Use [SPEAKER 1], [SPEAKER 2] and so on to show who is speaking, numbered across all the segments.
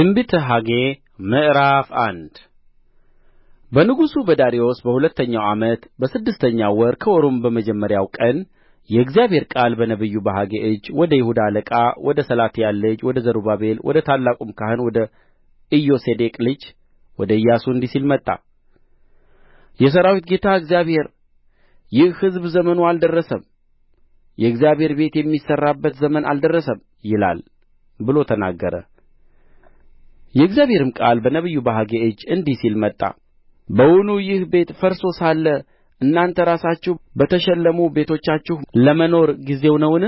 [SPEAKER 1] ትንቢተ ሐጌ ምዕራፍ አንድ በንጉሡ በዳርዮስ በሁለተኛው ዓመት በስድስተኛው ወር ከወሩም በመጀመሪያው ቀን የእግዚአብሔር ቃል በነቢዩ በሐጌ እጅ ወደ ይሁዳ አለቃ ወደ ሰላትያል ልጅ ወደ ዘሩባቤል ወደ ታላቁም ካህን ወደ ኢዮሴዴቅ ልጅ ወደ ኢያሱ እንዲህ ሲል መጣ የሠራዊት ጌታ እግዚአብሔር ይህ ሕዝብ ዘመኑ አልደረሰም የእግዚአብሔር ቤት የሚሠራበት ዘመን አልደረሰም ይላል ብሎ ተናገረ የእግዚአብሔርም ቃል በነቢዩ በሐጌ እጅ እንዲህ ሲል መጣ በውኑ ይህ ቤት ፈርሶ ሳለ እናንተ ራሳችሁ በተሸለሙ ቤቶቻችሁ ለመኖር ጊዜው ነውን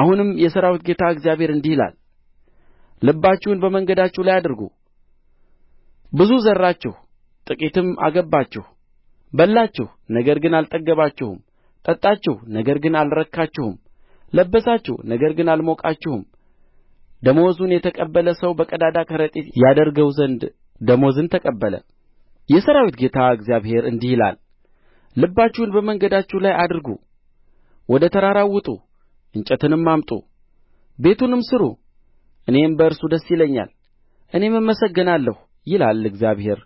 [SPEAKER 1] አሁንም የሠራዊት ጌታ እግዚአብሔር እንዲህ ይላል ልባችሁን በመንገዳችሁ ላይ አድርጉ ብዙ ዘራችሁ ጥቂትም አገባችሁ በላችሁ ነገር ግን አልጠገባችሁም ጠጣችሁ ነገር ግን አልረካችሁም ለበሳችሁ ነገር ግን አልሞቃችሁም ደመወዙን የተቀበለ ሰው በቀዳዳ ከረጢት ያደርገው ዘንድ ደመወዝን ተቀበለ የሠራዊት ጌታ እግዚአብሔር እንዲህ ይላል ልባችሁን በመንገዳችሁ ላይ አድርጉ ወደ ተራራው ውጡ እንጨትንም አምጡ ቤቱንም ሥሩ እኔም በእርሱ ደስ ይለኛል እኔም እመሰገናለሁ ይላል እግዚአብሔር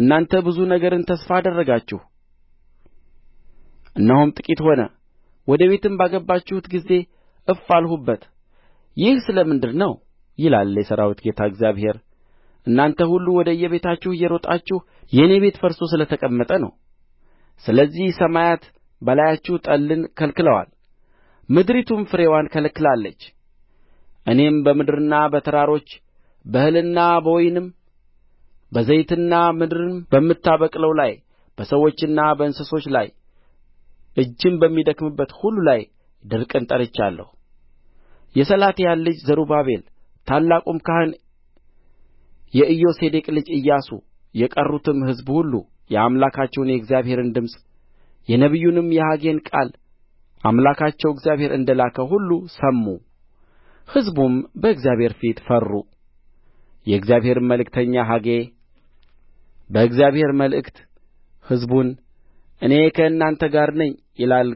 [SPEAKER 1] እናንተ ብዙ ነገርን ተስፋ አደረጋችሁ እነሆም ጥቂት ሆነ ወደ ቤትም ባገባችሁት ጊዜ እፍ አልሁበት ይህ ስለ ምንድር ነው ይላል የሠራዊት ጌታ እግዚአብሔር እናንተ ሁሉ ወደ እየቤታችሁ እየሮጣችሁ የእኔ ቤት ፈርሶ ስለ ተቀመጠ ነው ስለዚህ ሰማያት በላያችሁ ጠልን ከልክለዋል ምድሪቱም ፍሬዋን ከልክላለች እኔም በምድርና በተራሮች በእህልና በወይንም በዘይትና ምድርም በምታበቅለው ላይ በሰዎችና በእንስሶች ላይ እጅም በሚደክምበት ሁሉ ላይ ድርቅን ጠርቻለሁ የሰላትያል ልጅ ዘሩባቤል ታላቁም ካህን የኢዮሴዴቅ ልጅ ኢያሱ የቀሩትም ሕዝብ ሁሉ የአምላካቸውን የእግዚአብሔርን ድምፅ የነቢዩንም የሐጌን ቃል አምላካቸው እግዚአብሔር እንደ ላከው ሁሉ ሰሙ። ሕዝቡም በእግዚአብሔር ፊት ፈሩ። የእግዚአብሔርም መልእክተኛ ሐጌ በእግዚአብሔር መልእክት ሕዝቡን እኔ ከእናንተ ጋር ነኝ ይላል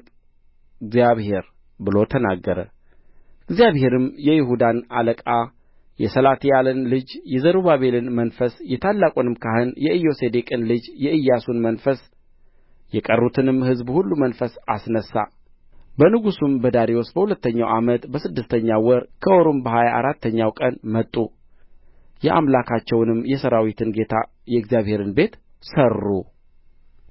[SPEAKER 1] እግዚአብሔር ብሎ ተናገረ። እግዚአብሔርም የይሁዳን አለቃ የሰላትያልን ልጅ የዘሩባቤልን መንፈስ የታላቁንም ካህን የኢዮሴዴቅን ልጅ የኢያሱን መንፈስ የቀሩትንም ሕዝብ ሁሉ መንፈስ አስነሣ በንጉሡም በዳርዮስ በሁለተኛው ዓመት በስድስተኛው ወር ከወሩም በሀያ አራተኛው ቀን መጡ የአምላካቸውንም የሠራዊትን ጌታ የእግዚአብሔርን ቤት ሠሩ